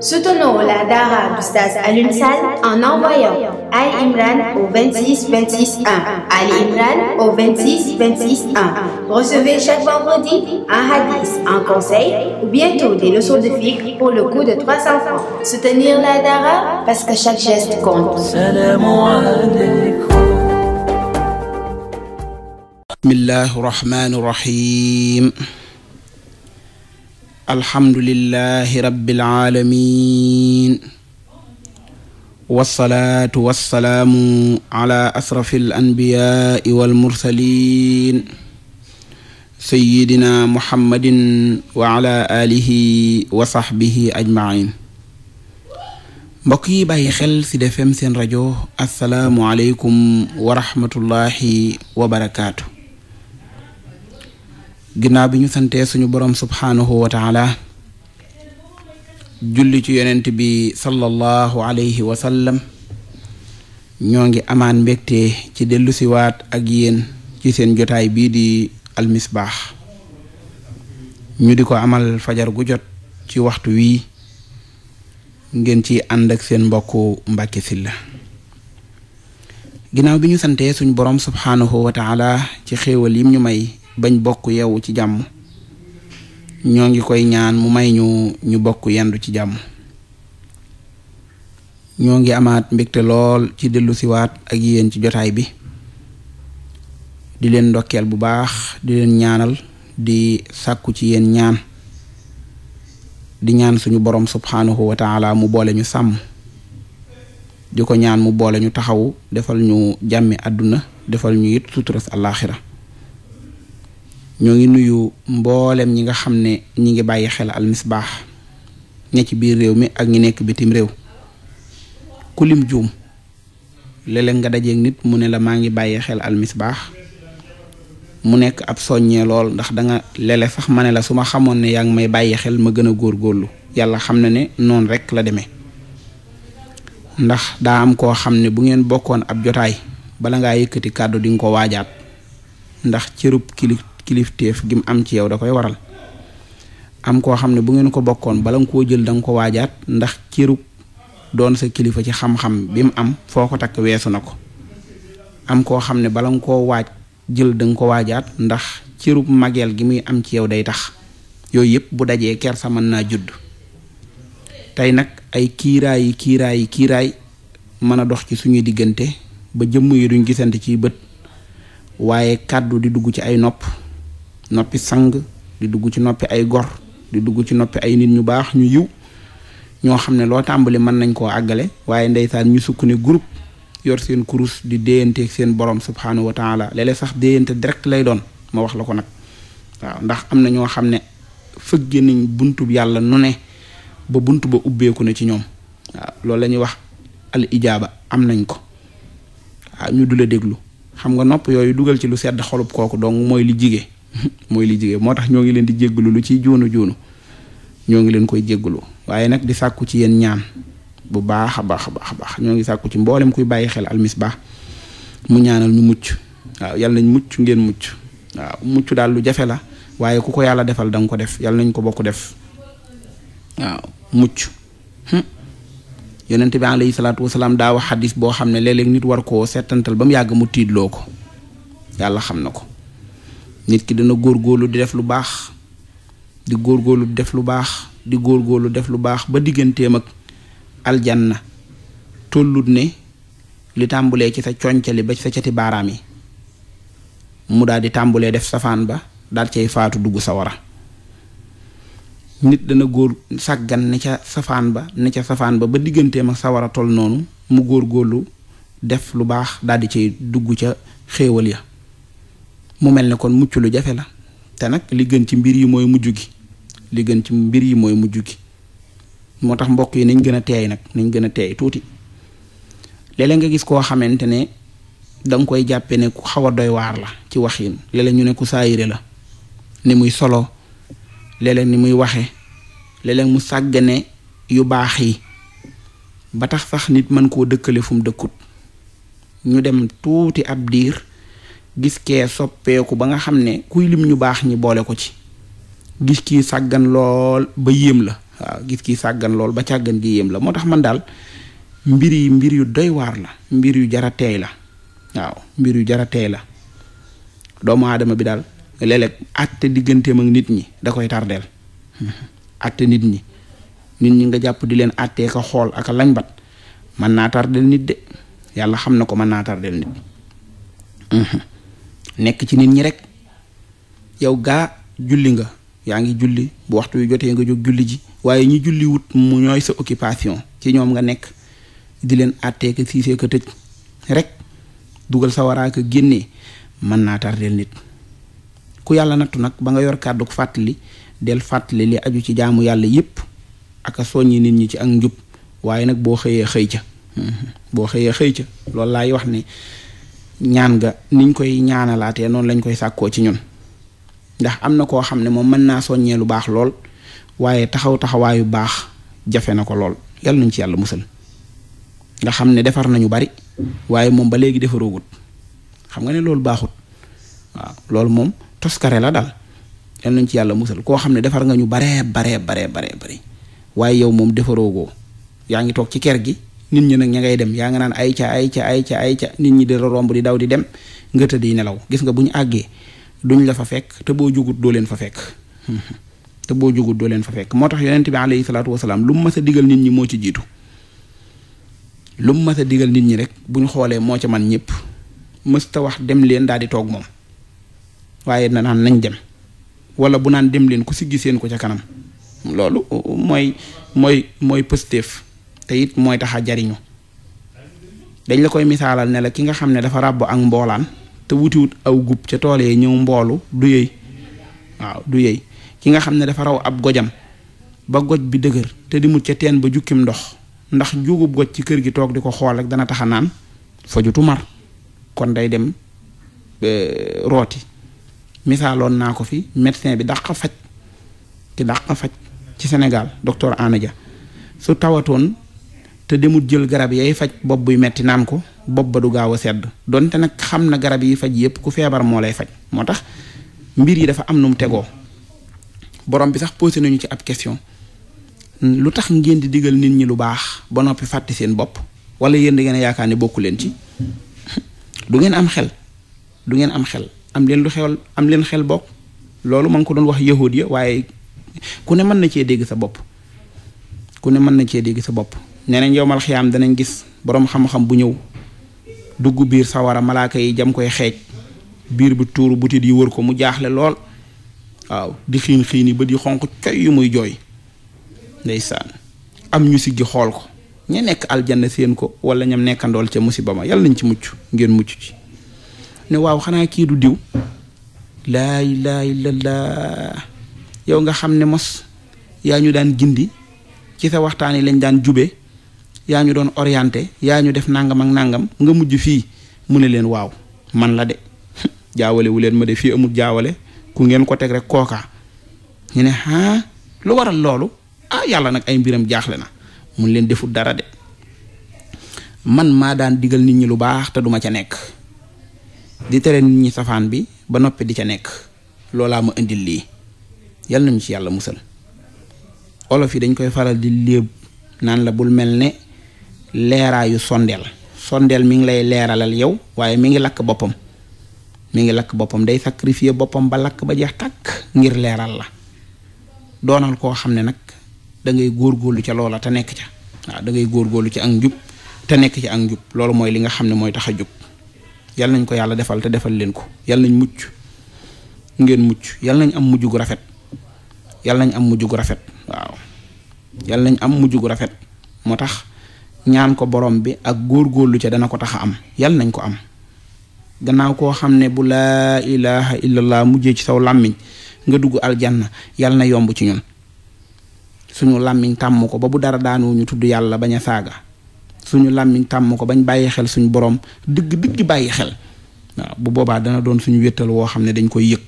Soutenons la Dara d'Oustaz Alioune en envoyant Ali Imran au 26 26 1. Ali Imran au 26 26 1. Recevez chaque vendredi un hadith, un conseil ou bientôt des leçons de pour le coût de 300 francs. Soutenir la Dara parce que chaque geste compte. alhamdulillahi rabbil aalamiin wassalaatu wassalaamu ala asrafil anbiyaai wal mursaliin sayyidina muhammadin wa ala alihi wa sahbihi ajmain mbokk yi bàyyi xel ci Sud FM seen rajo asalaamualeykum wa rahmatullahi wa barakaatu. ginnaaw bi ñu santee suñu borom subhaanahu wa taala julli ci yonent bi sallallahu alayhi wa ñoo ngi amaan mbégte ci dellusiwaat ak yéen ci seen jotaay bii di almisbaax ñu di ko amal fajar gu jot ci waxtu wii ngeen ci ànd ak seen mbokku Mbàkke Sylla ginnaaw bi ñu santee suñu boroom subhaanahu wa taala ci xéewal yim ñu may bañ bokk yeewu ci jàmm ñoo ngi koy ñaan mu may ñu ñu bokk yendu ci jàmm ñoo ngi amaat mbégte lool ci dellu siwaat ak yéen ci jotaay bi di leen ndokkeel bu baax di leen ñaanal di sàkku ci yéen ñaan di ñaan suñu borom subhanahu wa mu boole ñu sàmm di ko ñaan mu boole ñu taxawu defal ñu jàmmi àdduna defal ñu it suturas àllaaxira ñoo ngi nuyu mboolem ñi nga xam ne ñi ngi bàyyi xel almisbaax ña ci biir réew mi ak ñi nekk bitim réew kulim juum léeg nga dajeeg nit mu ne la maa ngi bàyyi xel almisbaax mu nekk ab soññee lool ndax danga lele léeg sax ma ne la su ma xamoon ne yaa ngi may bàyyi xel ma gën a góor góorlu yàlla xam na ne noonu rek la deme ndax daa am koo xam ne bu ngeen bokkoon ab jotaay bala ngaa yëkkati kàddu di nga ko waajaat ndax cërub kilik kilifteef gi mu am ci yow da koy waral am koo xam ne bu ngeen ko bokkoon bala nga koo jël danga ko waajaat ndax cërug doon sa kilifa ci xam-xam bi mu am foo ko takk weesu na ko am koo xam ne bala nga koo waaj jël da ko waajaat ndax cërub mageel gi muy am ci yow day tax yooyu yëpp bu dajee sa mën naa judd tey nag ay kiiraay kiiraayi kiiraay mën a dox ci suñuy diggante ba jëmm yi duñ gisante ci bët waaye kàddu di dugg ci ay nopp noppi sang di dugg ci noppi ay gor di dugg ci noppi ay nit ñu baax ñu yiw ñoo xam ne loo tàmbali mën nañ koo àggale waaye ndeysaan ñu sukk ne groupe yor seen kurus di déyanteeg seen borom subhanahu wa taala léeg-léeg sax déyante direct lay doon ma wax la ko nag waaw ndax am na ñoo xam ne fëgge nañ bunt yàlla nu ne ba bunt ba ubbeeku na ci ñoom waaw loolu lañuy ñuy wax al ijaaba am nañ ko waaw ñu du la déglu xam nga nopp yooyu dugal ci lu sedd xolub kooku donc mooy li jige mooy li jigéen moo tax ñoo ngi leen di jéggalu lu ciy joonu jóonu ñoo ngi leen koy jéggalu waaye nag di sàkku ci yéen ñaan bu baax a baax a baax ñoo ngi sàkku ci mboolem kuy bàyyi xel almisbah mu ñaanal ñu mucc waaw yàlla nañ mucc ngeen mucc waaw mucc daal lu jafe la waaye ku ko yàlla defal da ko def yàlla nañ ko bokk def waaw mucc yonent bi alayhi salaatu wasalaam daa wax xadis boo xam ne léeg nit war koo seetantal ba mu yàgg mu tiidloo ko yàlla xam na ko nit ki dana góorgóorlu di def lu baax di góorgóorlu di def lu baax di góor góorlu def lu baax ba digganteem ak aljanna tollut ne li tàmbulee ci sa concali ba sa cati baaraam yi mu daal di tàmbulee def safaan ba daal cay faatu dugg sawara nit dana góor sàggan ne ca safaan ba ne ca safaan ba ba digganteem ak sawara tol noonu mu góor góorlu def lu baax daal di cay dugg ca xéewal ya mu mel ne kon mucc lu jafe la te nag li gën ci mbir yi mooy mujj gi li gën ci mbir yi mooy mujj gi moo tax mbokk yi nañ gën a teey nag nañ gën a teey tuuti léeg nga gis koo xamante ne danga koy jàppe ne ku xaw a doy waar la ci waxin léeg-léeg ñu ne ku saayire la ni muy solo léeg ni muy waxe léeg mu sàggane yu baax yi ba tax sax nit mën koo dëkkale fu mu dëkkut ñu dem tuuti ab diir gis kee soppeeku ba nga xam ne kuy lim ñu baax ñi boole ko ci gis kii sàggan lool ba yéem la waaw gis ki sàggan lool ba càggan gi yéem la moo tax man daal mbir yi mbir yu doy waar la mbir yu jara teey la waaw mbir yu jara teey la doomu aadama bi daal léeg-léeg àtte digganteem ak nit ñi da koy tardeel àtte nit ñi nit ñi nga jàpp di leen àttee ka xool ak lañ bat mën naa tardeel nit de yàlla xam na ko mën naa tardeel nit nekk ci nit ñi rek yow gaa julli nga yaa ngi julli bu waxtu yu jotee nga jóg julli ji waaye ñi julli wut mu ñooy sa occupation ci ñoom nga nekk di leen àttee ka siisee ka tëj rek dugal sa waraaka génnee mën naa tardeel nit ku yàlla nattu nag ba nga yor kàddu fàttali del fàttali li aju ci jaamu yàlla yépp ak a soññi nit ñi ci ak njub waaye nag boo xëyee xëy ca boo xëyee xëy ca loolu laay wax ne ñaan ga niñ koy ñaanalaatee noonu lañ koy sàkkoo ci ñun ndax am na koo xam ne moom mën naa soññee lu baax lool waaye taxaw taxawaayu baax jafe na ko lool yàlla nañ ci yàlla musal nga xam ne defar nañu bari waaye moom ba léegi defaroogut xam nga ne loolu baaxut waaw loolu moom toskare la daal yàlla nañ ci yàlla musal koo xam ne defar nga ñu baree baree baree baree bari waaye yow moom defaroogoo yaa ngi toog ci kër gi nit ñi nag ña ngay dem yaa nga naan ay ca ay ca ay ca ay ca nit ñi di la romb di daw di dem nga tëdd di nelaw gis nga bu ñu àggee duñ la fa fekk te boo jugut doo leen fa fekk te boo jugut doo leen fa fekk moo tax yonent bi alayhi salaatu wasalaam lu mu mas a digal nit ñi moo ci jiitu lu mu mas a digal nit ñi rek bu ñu xoolee moo ca man ñëpp mësta wax dem leen daal di toog moom waaye na naan nañ dem wala bu naan dem leen ku siggi seen ko ca kanam loolu uh, uh, mooy mooy mooy pëstéef te it mooy tax a jariñu dañ la koy misaalal ne la ki nga xam ne dafa ràbb ak mboolaan te wutiwut aw gub ca tool yee ñëw mboolu du yëy waaw du yëy ki nga xam ne dafa raw ab gojam ba goj bi dëgër te di mut ca teen ba jukkim ndox ndax juugub goj ci kër gi toog di ko xool rek dana tax a naan fajutu mar kon day dem eh, rooti misaaloon naa ko fi médecin bi dàq faj ki dàq faj ci senegal docteur Anadia su tawatoon te demut jël garab yay faj bopp buy metti naan ko bopp ba du gaaw a sedd donte nag xam na garab yi faj yépp ku feebar moo lay faj moo tax mbir yi dafa am nu mu tegoo borom bi sax posé nañu ci ab question lu tax ngeen di digal nit ñi lu baax ba noppi fàtte seen bopp wala yéen da ngeen yaakaar ne bokku leen ci du ngeen am xel du ngeen am xel am leen lu am leen xel bokk loolu ma ngi ko doon wax yahuud ya waaye ku ne mën na cee dégg sa bopp ku ne mën na cee dégg sa bopp nee nañ yowmal xiyaam danañ gis boroom xam bu ñëw dugg biir sawara malaaka yi jam koy xeej biir bi tuuru butit yi wër ko mu jaaxle lool waaw di xiin xiin yi ba di xonq coy yu muy jooy ndeysaan am ñu siggi xool ko ña nekk aljanna seen ko wala ñam nekkandool ca musiba ma yàlla nañ ci mucc ngeen mucc ci ne waaw xanaa kii du diw laa ilaaha illallaah yow nga xam ne mos yaa ñu daan gindi ci sa waxtaan yi lañ daan jube yaa ñu doon orienté yaa ñu def nangam ak nangam nga mujj fii mu ne leen waaw man la de jaawale leen ma de fii amul jaawale ku ngeen ko teg rek kookaa ñu ne ah lu waral loolu ah yàlla nag ay mbiram jaaxle na mun leen deful dara de man maa daan digal nit ñi lu baax te duma ca nekk di tere nit ñi safaan bi ba noppi di ca nekk loolaa ma indi lii yal nañu ci yàlla musal olof yi dañ koy faral di léeb naan la bul mel ne leeraayu sondeel sondeel mi ngi lay leeralal yow waaye mi ngi lakk boppam mi ngi lakk boppam day sacrifier boppam ba lakk ba jeex takk ngir leeral la doonal koo xam ne nag da góor góorgóorlu ca loola te nekk ca waaw da góor góorgóorlu ci ak njub te nekk ci ak njub loolu mooy li nga xam ne mooy tax a jub yal nañ ko yàlla defal te defal leen ko yal nañ mucc ngeen mucc yal nañ am mujj gu rafet yal nañ am mujj gu rafet waaw yal nañ am mujj gu rafet moo tax. ñaan ko borom bi ak góor-góorlu ca dana ko tax a am yal nañ ko am gannaaw koo xam ne bu laa ilaha laa mujjee ci saw làmmiñ nga dugg aljanna yal na yomb ci ñun suñu làmmiñ tàmm ko ba bu dara daanoo ñu tudd yàlla bañ a saaga suñu làmmiñ tàmm ko bañ bàyyi xel suñu borom dëgg dëgg bàyyi xel waaw bu boobaa dana doon suñu wéttal woo xam ne dañ koy yëg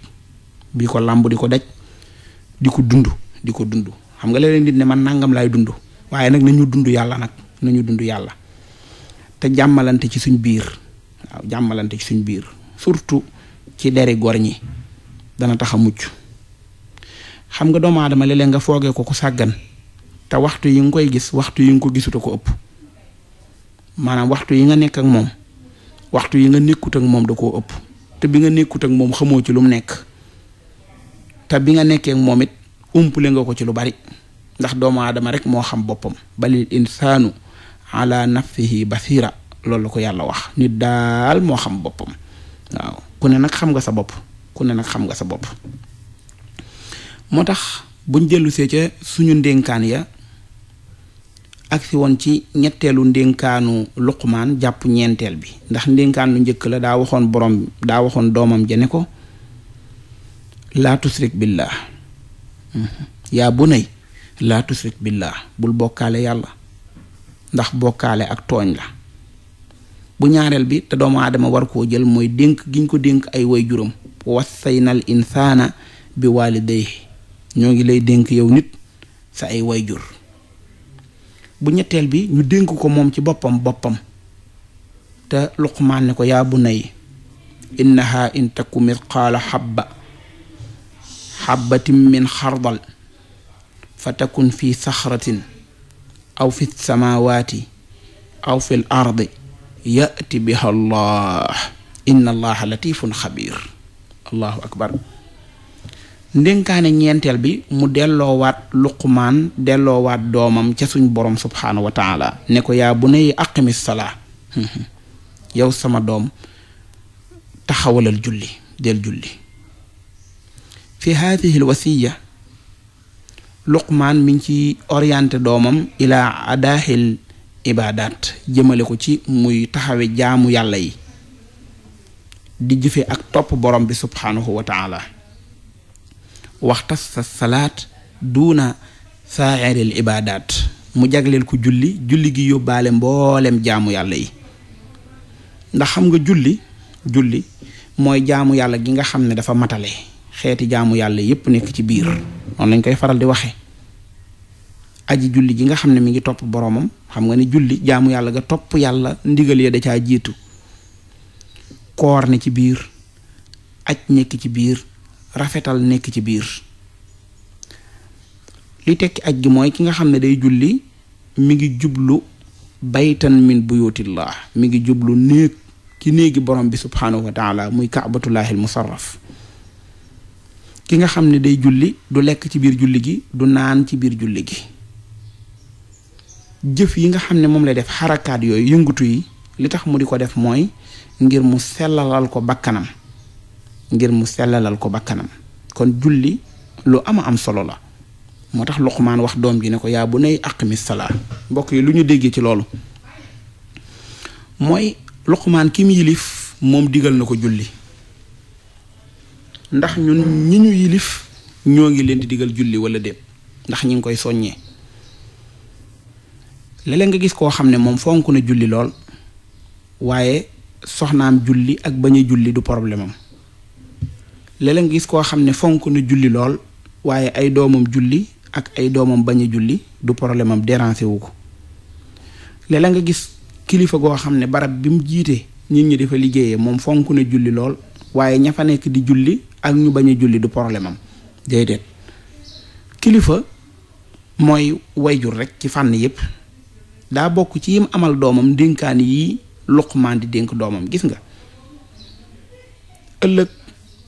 bi ko làmb di ko daj di ko dund di ko dund xam nga léeg it ne man nangam laay dund waaye nag nañu dund yàlla nag nañu dund yàlla te jàmmalante ci suñ biir jàmmalante ci suñ biir surtout ci deri gor ñi dana tax a mucc xam nga doomu aadama léeg-léeg nga foogee ko ku sàggan te waxtu yi nga koy gis waxtu yi nga ko gisut ko ëpp maanaam waxtu yi nga nekk moom waxtu yi nga nekkut moom da koo ëpp te bi nga nekkut ak moom xamoo ci lu mu nekk te bi nga nekkee moom it umpule nga ko ci lu bari ndax doomu aadama rek moo xam boppam balil insaanu ala nafsihi basira loolu la ko yàlla wax nit daal moo xam boppam waaw ku nag xam nga sa bopp ku ne xam nga sa bopp moo tax buñ dellusee ca suñu ndénkaan ya agsi woon ci ñetteelu ndénkaanu luqmaan jàpp ñeenteel bi ndax ndénkaan lu njëkk la daa waxoon borom daa waxoon doomam ja ne ko laa tusrik billah mhm. yaa bunay laa tusrik billah bul bokkaale yàlla ndax bokkaale ak tooñ la bu ñaareel bi te doomu aadama war koo jël mooy dénk giñ ko dénk ay way juróom wassaynal insaana bi waalidayhi ñoo ngi lay dénk yow nit sa ay way jur bu ñetteel bi ñu dénk ko moom ci boppam boppam te luqmaan ne ko yaa bu nay innaha in taku mitqaala xabba xabbatin min xardal fa takun fi saxratin aw fi samaawaati aw fi l ardi yati biha allah inna allaha latifun xabir allahu akbar ndénkaane ñeenteel bi mu delloowaat luqmaan delloowaat doomam ca suñ borom subhaanahu wa taala ne ko yaa bu nay sama doom taxawalal julli del julli fi haadihi wasiya luqmaan mi ngi ci orienté doomam ilaa adaaxil ibaadaat jëmale ko ci muy taxawe jaamu yàlla yi di jëfe ak topp borom bi subhaanahu wa taala waxtas sa salaat duuna saairil ibaadaat mu jagleel ko julli julli gi yóbbaale mboolem jaamu yàlla yi ndax xam nga julli julli mooy jaamu yàlla gi nga xam ne dafa matale xeeti jaamu yàlla yépp nekk ci biir noonu lañ koy faral di waxe aji julli ji nga xam ne mi ngi topp boroomam xam nga ne julli jaamu yàlla nga topp yàlla ndigal ya da caa jiitu koor ne ci biir aj nekk ci biir rafetal nekk ci biir li tekki aj gi mooy ki nga xam ne day julli mi ngi jublu baytan min buyutillah mi ngi jublu néeg ci néegi borom bi subhaanahu wa taala muy kaabatullahil musarraf ki nga xam ne day julli du lekk ci biir julli gi du naan ci biir julli gi jëf yi nga xam ne moom lay def xarakaat yooyu yëngutu yi li tax mu di ko def mooy ngir mu sellalal ko bakkanam ngir mu sellalal ko bakkanam kon julli lu ama am solo la moo tax luqmaan wax doom ji ne ko yaa bu ne aqmi salaa mbokk yi lu ñu déggee ci loolu mooy luqmaan ki yilif moom digal na ko julli ndax ñun ñi ñu yilif ñoo ngi leen di diggal julli wala déet ndax ñi ngi koy soññee léeg nga gis koo xam ne moom fonk na julli lool waaye soxnaam julli ak bañ a du problème am léeg gis koo xam ne fonk na julli lool waaye ay doomam julli ak ay doomam bañ julli du problème am déranger wu ko léeg nga gis kilifa goo xam ne barab bi mu jiitee nit ñi di fa liggéeyee moom fonk na julli lool waaye ña fa nekk di julli ak ñu bañ a julli du problème am déedéet kilifa mooy jur rekk ci fànn yépp daa bokk ci yim amal doomam dénkaan yi Luqmaan di dénk doomam gis nga ëllëg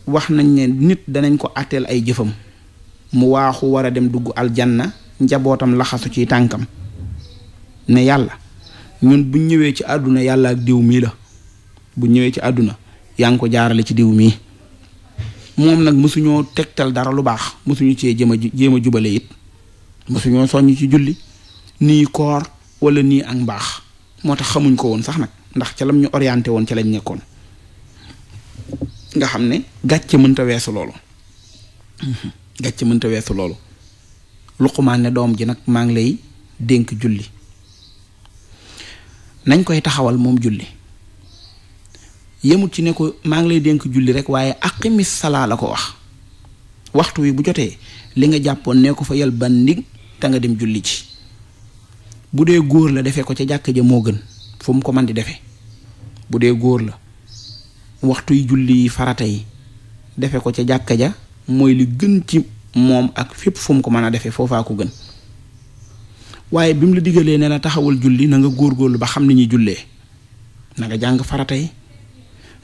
wax nañ ne nit danañ ko àtteel ay jëfam mu waaxu war a dem dugg aljanna njabootam laxasu ci tànkam ne yàlla ñun buñ ñëwee ci àdduna yàlla ak diw mii la bu ñëwee ci àdduna yaa ngi ko jaarale ci diw mii moom nag mosuñoo tegtal dara lu baax mosuñu cee jéem a jéem a jubale it mosuñoo soññ ci julli nii koor walla nii ak mbaax moo tax xamuñ ko woon sax nag ndax ca lam ñu orienté woon ca lañ nekkoon nga xam ne gàcce mënta weesu loolu gàcce mënta weesu loolu luqumaan ne doom ji nag maa ngi lay dénk julli nañ koy taxawal moom julli yemul ci ne ko maa ngi lay dénk julli rekk waaye aqimi salaa la ko wax waxtu wi bu jotee li nga jàppoon ne ko fa yal bandig te nga dem julli ci bu dee góor la defee ko ca jàkk ja moo gën fu ko man di defee bu dee góor la waxtuy julli farata yi defe ko ca jàkka ja mooy li gën ci moom ak fépp fu ko mën a defee foofaa ko gën waaye bi mu la diggalee nee na taxawal julli na nga góor góorgóorlu ba xam ni ñuy jullee na nga jàng farata yi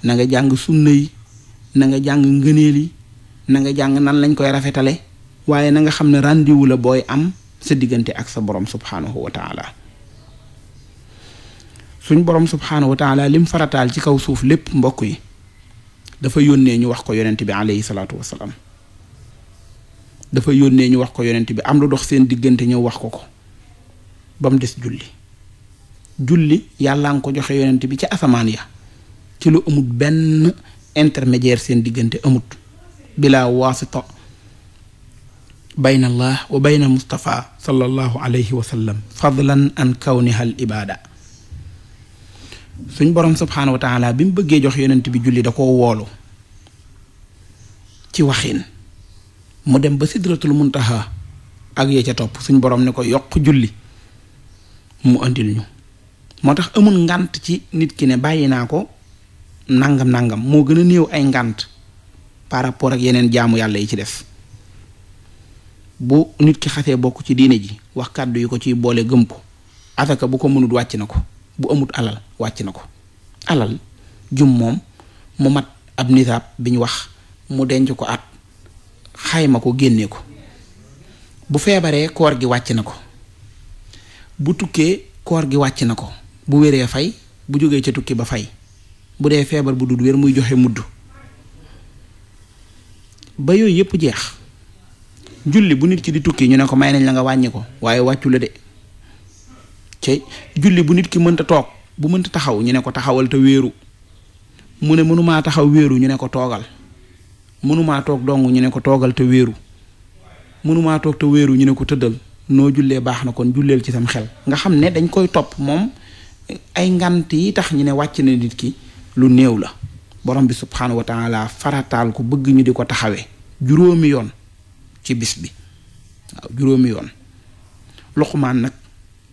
na nga jàng sunna yi na nga jàng ngëneel yi na nga jàng nan lañ koy rafetale waaye nanga xam ne rendez booy am sa diggante ak sa borom subhaanahu wa taala suñ borom subhaanahu wa taala lim farataal ci kaw suuf lépp mbokk yi dafa yónnee ñu wax ko yonent bi alayhi salaatu wasalaam dafa yónnee ñu wax ko yonent bi am lu dox seen diggante ñëw wax ko ko ba mu des julli julli yàlla nga ko joxe yonent bi ci asamaan ya ci lu amul benn intermédiaire seen diggante amut bilaa waasita bayna allah wa bayna mustafa sallallahu alayhi wa sallam fadlan an kawniha ibaada suñ borom subhaanahu wa bi mu bëggee jox yonent bi julli da ko woolu ci waxin mu dem ba sidratul taxa ak yee ca topp suñ borom ne ko yokk julli mu andil ñu moo tax amul ngànt ci nit ki ne bàyyi naa ko nangam nangam moo gën a néew ay ngànt par rapport ak yeneen jaamu yàlla yi ci def bu nit ki xasee bokk ci diine ji wax kàddu yi ko ciy boole gëm ko asaka bu ko mënut wàcc na ko bu amut alal wàcc na ko alal jum moom mu mat ab bi ñu wax mu denc ko at xayma ko génne ko bu feebaree koor gi wàcc na ko bu tukkee koor gi wàcc na ko bu wéree fay bu jógee ca tukki ba fay bu dee feebar bu dul wér muy joxe mudd ba yooyu yépp jeex julli bu nit ki di tukki ñu ne ko may nañ la nga wàññi ko waaye wàccu la de ci julli bu nit ki mënta toog bu mënta taxaw ñu ne ko taxawal te wéeru mu ne mënumaa taxaw wéeru ñu ne ko toogal mënumaa toog dong ñu ne ko toogal te wéeru mënumaa toog te wéeru ñu ne ko tëddal noo jullee baax na kon julleel ci sam xel nga xam ne dañ koy topp moom ay ngant yi tax ñu ne wàcc na nit ki lu néew la borom bi subhaanahu wa taala farataal ko bëgg ñu di ko taxawe juróomi yoon ci bis bi waaw juróomi yoon luqmaan nag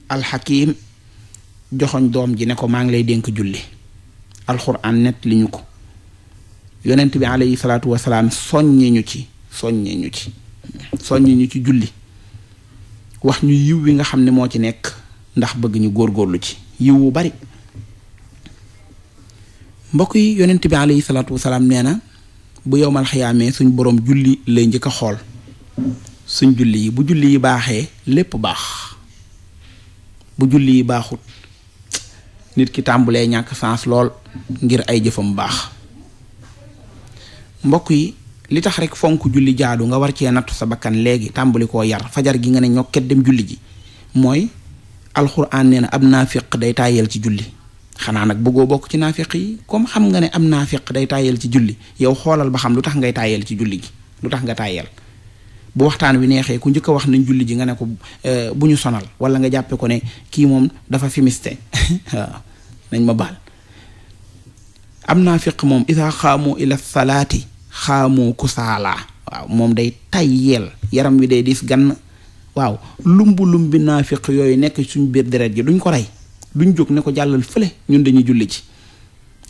alxakim joxoñ doom ji ne ko maa ngi lay dénk julli alxuraan net li ñu ko yonent bi alayhi salaatu wasalaam soññi ñu ci soññi ñu ci soññi ñu ci julli wax ñu yiw wi nga xam ne moo ci nekk ndax bëgg ñu góorlu ci yiw wu bari mbokk yi yonent bi alayhi salaatu wasalaam nee na bu yowmal xiyaamee suñ boroom julli lay njëkk a xool suñ julli yi bu julli yi baaxee lépp baax bu julli yi baaxut nit ki tàmbulee ñàkk sens lool ngir ay jëfam baax mbokk yi li tax rek fonk julli jaadu nga war cee nattu sa bakkan léegi tàmbali koo yar fajar gi nga ne ñokket dem julli ji mooy alxuraan nee na ab naafiq day tàyyeel ci julli xanaa nag bëggoo bokk ci naafiq yi comme xam nga ne am naafiq day tàyyeel ci julli yow xoolal ba xam lu tax ngay tàyyeel ci julli gi lu tax nga tàyyeel bu waxtaan wi neexee ku njëkk a wax nañ julli ji ne ko euh, bu ñu sonal wala nga jàppe ko ne kii moom dafa fimiste waaw ma baal am naafiq moom isaa xaamu ila salaati xaamu kusaala waaw moom day tayyeel yaram wi day dis gann waaw lumbu lumbi naafiq yooyu nekk suñ biir deret ji duñ ko rey duñ jóg ne ko jàllal fële ñun dañuy julli ci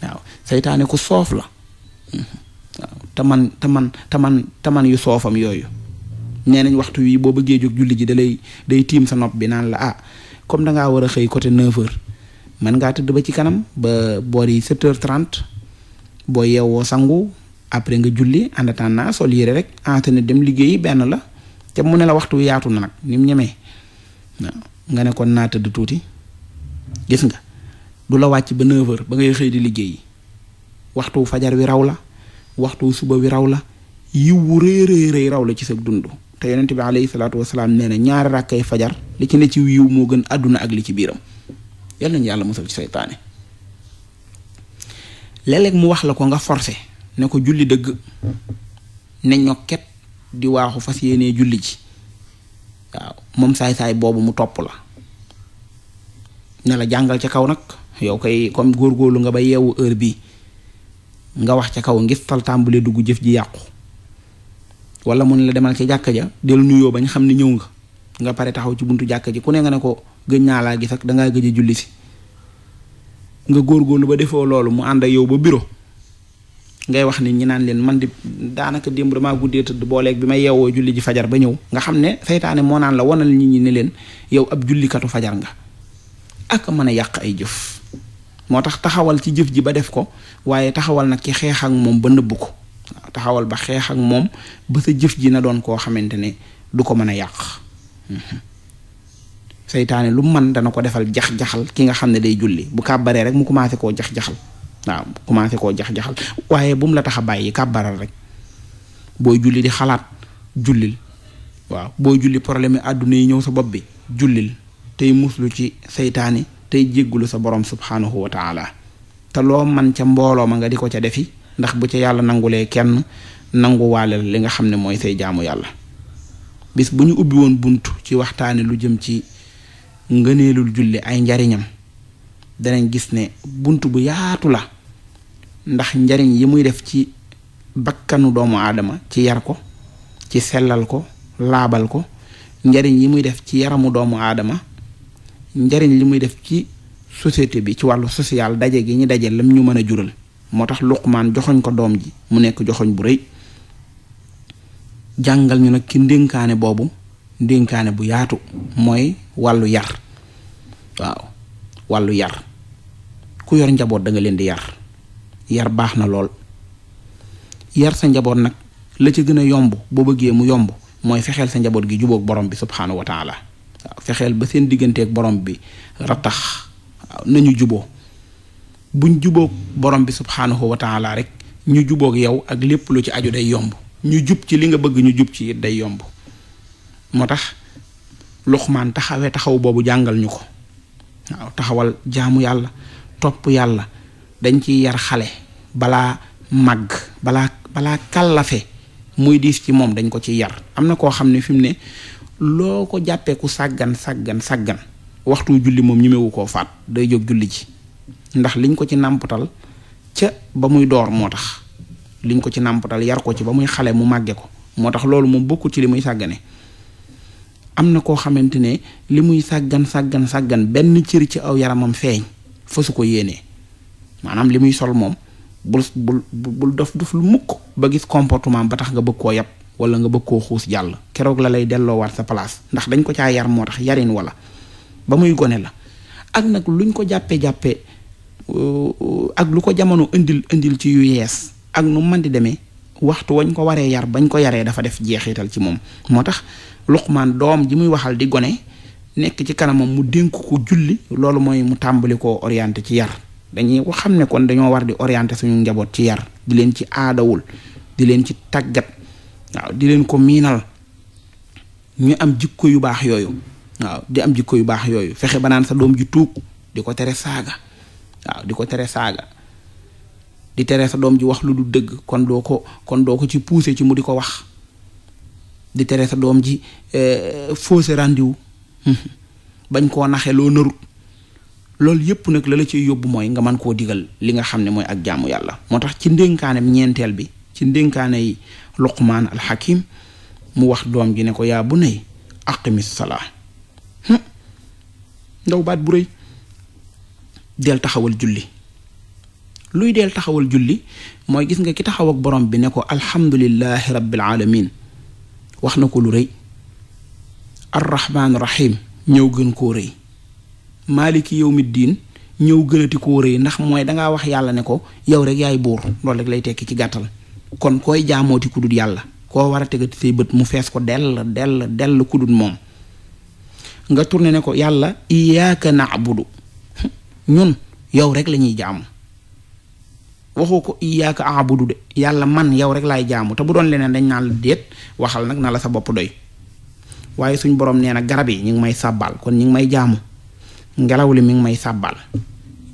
waaw seytaane ku soof la waaw te man te man te man te yu soofam yooyu nee nañ waxtu wi boo bëggee jóg julli ji dalay day tiim sa nopp bi naan la ah comme da war a xëy côté 9h mën ngaa tëdd ba ci kanam ba boor yi trent boo yeewoo sangu après nga julli en attendant sol yére rek entraîné dem liggéeyi benn la te mu ne la waxtu yaatu na nag ni mu ñemee waaw nga ne kon naa tëdd tuuti. gis nga du la wàcc ba 9 ba ngay xëy di liggéeyi waxtu fajar wi raw la waxtu suba wi raw la yiw wu rëy rëy raw la ci sa dund te yonent bi alayhi salaatu wasalaam nee na ñaari rakkay fajar li ci ne ci yiw moo gën àdduna ak li ci biiram yal nañu yàlla musal ci seytaane léeg-léeg mu wax la ko nga forcé ne ko julli dëgg ne ñokket di waaxu fas yéenee julli ji waaw moom saay-saay boobu mu topp la na la jàngal ca kaw nag yow kay comme góorgóorlu nga ba yeewu heure bi nga wax ca kaw ngis tal tàmbulee dugg jëf ji yàqu wala mun la demal ca jàkka ja del nuyoo bañ xam ne ñëw nga nga pare taxaw ci buntu jàkka ji ku ne ne ko gëj naa laa gis ak dangaa gëj si nga góorgóorlu ba defoo loolu mu ànd yow ba bureau ngay wax ni ñi naan leen man di daanaka démb damaa guddee tëdd booleeg bi ma yeewoo julli ji fajar ba ñëw nga xam ne seytaane moo naan la wanal nit ñi ne leen yow ab jullikatu fajar nga ak mën a yàq ay jëf moo tax taxawal ci jëf ji ba def ko waaye taxawal nag ki xeex moom ba nëbb ko taxawal ba xeex ak moom ba sa jëf ji na doon koo xamante ne du ko mën a yàq mhm. seytaane lu man dana ko defal jax-jaxal ki nga xam ne day julli bu kàbbaree rek mu commencé koo jax-jaxal waaw commencé koo jax-jaxal waaye bu mu la tax a bàyyi kàbbaral rek booy julli di xalaat jullil waaw booy julli problème àdduna yi ñëw sa bopp bi jullil tey muslu ci seytaane tey jéggulu sa borom subhaanahu wa taala te loo man ca mbooloo ma nga di ko ca defi ndax bu ca yàlla nangulee kenn nanguwaale li nga xam ne mooy say jaamu yàlla bis bu ñu ubbi woon bunt ci waxtaane lu jëm ci ngëneelul julli ay njariñam danañ gis ne bunt bu yaatu la ndax njariñ yi muy def ci bakkanu doomu aadama ci yar ko ci sellal ko laabal ko njariñ yi muy def ci yaramu doomu aadama njariñ li muy def ci société bi ci wàllu social daje gi ñu daje lam ñu mën a jural moo tax luqmaan joxoñ ko doom ji mu nekk joxoñ bu rëy jàngal ñu nag ki ndénkaane boobu ndénkaane bu yaatu mooy wàllu yar waaw wàllu yar ku yor njaboot danga leen di yar yar baax na lool yar sa njaboot nag la ci gën a yomb boo bëggee mu yomb mooy fexeel sa njaboot gi jubóog borom bi subxanahu wa taala waaw fexeel ba seen digganteeg borom bi ratax waaw nañu juboo buñ jubook borom bi subhaanahu wa taala rek ñu jubook yow ak lépp lu ci aju day yomb ñu jub ci li nga bëgg ñu jub ci it day yomb moo tax luxmaan taxawee taxaw boobu jàngal ñu ko waaw taxawal jaamu yàlla topp yàlla dañ ciy yar xale balaa màgg balaa balaa kàllafe muy diis ci moom dañ ko ci yar am na koo xam ne fi ne loo ko jàppeeku sàggan sàggan sàggan waxtu julli moom ñemewu koo faat day jóg julli ji ndax liñ ko ci nàmpatal ca ba muy door moo tax liñ ko ci nàmpatal yar ko ci ba muy xale mu màggee ko moo tax loolu moom bokkul ci li muy sàggane am na koo xamante ne li muy sàggan sàggan sàggan benn cër ci aw yaramam feeñ fasu ko yéenee maanaam li muy sol moom bul bul bul dof dof lu mukk ba gis comportement ba tax nga bëgg koo yàpp wala nga bëgg koo xuus jàll keroog la lay delloo delloowaat sa place ndax dañ ko caa yar moo tax yarin wala ba muy gone la ak nag luñ ko jàppee-jàppee euh, ak lu ko jamono indil indil ci yu yees ak nu mën di demee waxtu wañ ko waree yar bañ ko yaree dafa def jeexital ci moom moo tax man doom ji muy waxal di gone nekk ci kanamam mu dénk ko julli loolu mooy mu tàmbali koo orienté ci yar dañuy ko xam ne kon dañoo war di orienté suñu njaboot ci yar di leen ci aadawul di leen ci tàggat waaw di leen ko miinal ñu am jikko yu baax yooyu waaw di am jikko yu baax yooyu fexe ba naan sa doom ji tuub di ko tere saaga waaw di ko tere saaga di tere sa doom ji wax lu du dëgg kon doo ko kon doo ko ci pousser ci mu di ko wax di tere sa doom ji euh, fausser rendez bañ koo naxee loo narut loolu yépp nag la la ciy yóbbu mooy nga mën koo digal li nga xam ne mooy ak jaamu yàlla moo tax ci ndénkaanem ñeenteel bi ci ndénkaane luqmaan alxakim mu wax doom ji ne ko yaa bu nay aqimis salaa ndaw baat bu rëy del taxawal julli luy del taxawal julli mooy gis nga ki taxaw ak borom bi ne ko alhamdulilahi rabbil alamin wax na ko lu rëy arrahman rahim ñëw gën koo rëy maaliki yawmi diin ñëw gënati koo rëy ndax mooy dangaa wax yàlla ne ko yow rek yaay buur loolu rek lay tekki ci gàttal kon koy jaamooti ku yàlla koo war a tegati say bët mu fees ko dell dell dell ku dul moom nga tourné ne ko yàlla iyaaka naabudu ñun yow rek la ñuy jaamu waxoo ko iyaaka aabudu de yàlla man yow rek laay jaamu te bu doon leneen dañ naan la déet waxal nag na la sa bopp doy waaye suñ borom nee na garab yi ñu ngi may sàbbal kon ñu ngi may jaamu ngelaw li mi ngi may sàbbal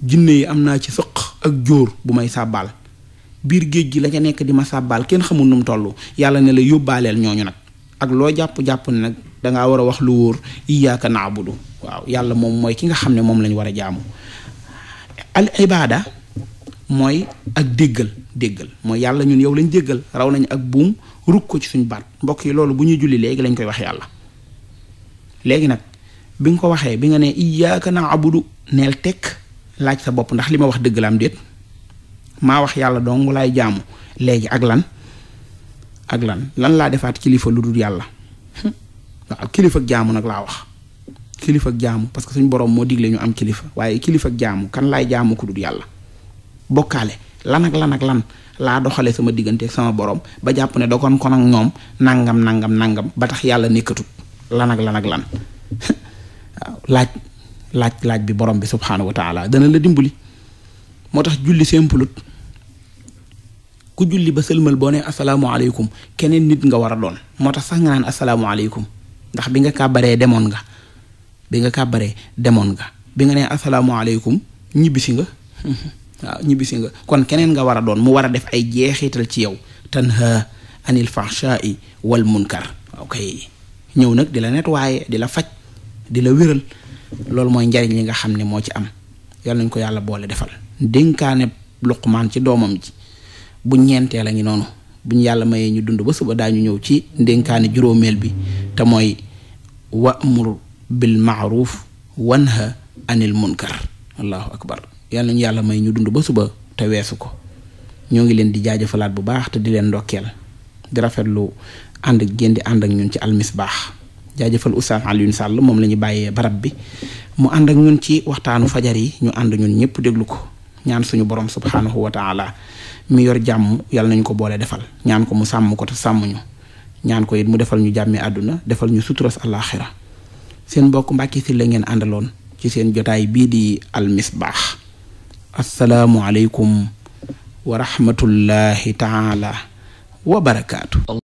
jinne yi am naa ci sëq ak jóor bu may sàbbal biir géej gi la nekk di ma sàbbaal kenn xamul nu mu toll yàlla ne la yóbbaaleel ñooñu nag ak loo jàpp-jàpp nag dangaa war a wax lu wóor iyaaka naabudu waaw yàlla moom mooy ki nga xam ne moom lañ war a jaamu al mooy ak déggal déggal mooy yàlla ñun yow lañ déggal raw nañ ak buum rug ko ci suñ baat mbokk yi loolu bu ñuy julli léegi lañ koy wax yàlla léegi nag bi nga ko waxee bi nga ne iyaaka naabudu neel tekk laaj sa bopp ndax li ma wax dëgg la déet maa wax yàlla dong lay jàmm léegi ak lan ak lan lan laa defaat kilifa lu dul yàlla waaw kilifa ak nag laa wax kilifa ak jaamu parce que suñu borom moo digle ñu am kilifa waaye kilifa jàmm kan lay jaamu ku dul yàlla bokkaale lan ak lan ak lan laa doxale sama diggante sama borom ba jàpp ne dogon kon ak ñoom nangam nangam nangam ba tax yàlla nekkatut lan ak lan ak lan laaj laaj laaj bi borom bi subxanahu wa taala dana la dimbali moo tax julli simpulut ku julli ba sëlmal boo nee asalaamaaleykum keneen nit nga war a doon moo tax sax nga asalaamaaleykum ndax bi nga kàbbaree demoon nga bi nga kàbbaree demoon nga bi nga nee asalaamaaleykum ñibbisi nga ñibbisi nga kon keneen nga war a doon mu war a def ay jeexital ci yow tanha anil fahshaa'i wal munkar waaw ñëw nag di la nettoyer di la faj di la wéral loolu mooy njariñ li nga xam ne moo ci am yal nañ ko yàlla boole defal dénkaane luqmaan ci doomam ji bu ñeenteel a ngi noonu buñ yàlla mayee ñu dund ba suba daa ñu ñëw ci ndénkaani juróomeel bi te mooy wa'mur bil ma'ruf wanha anil munkar allahu akbar yàlla ñu yàlla may ñu dund ba suba te weesu ko ñoo ngi leen di jaajëfalaat bu baax te di leen ndokkeel di rafetlu ànd ak génn di ànd ak ñun ci baax jaajëfal Oustaz Alioune Sall moom la ñu bàyyee barab bi mu ànd ak ñun ci waxtaanu fajar yi ñu ànd ñun ñëpp déglu ko ñaan suñu borom subhaanahu wa mi yor jàmm yàlla nañ ko boole defal ñaan ko mu sàmm ko te sàmm ñu ñaan ko it mu defal ñu jàmmi àdduna defal ñu suturas àllaaxira seen mbokk Mbàkke Sylla ngeen àndaloon ci seen jotaay bii di Al Misbah asalaamualeykum wa rahmatullahi taala wa barakaatu.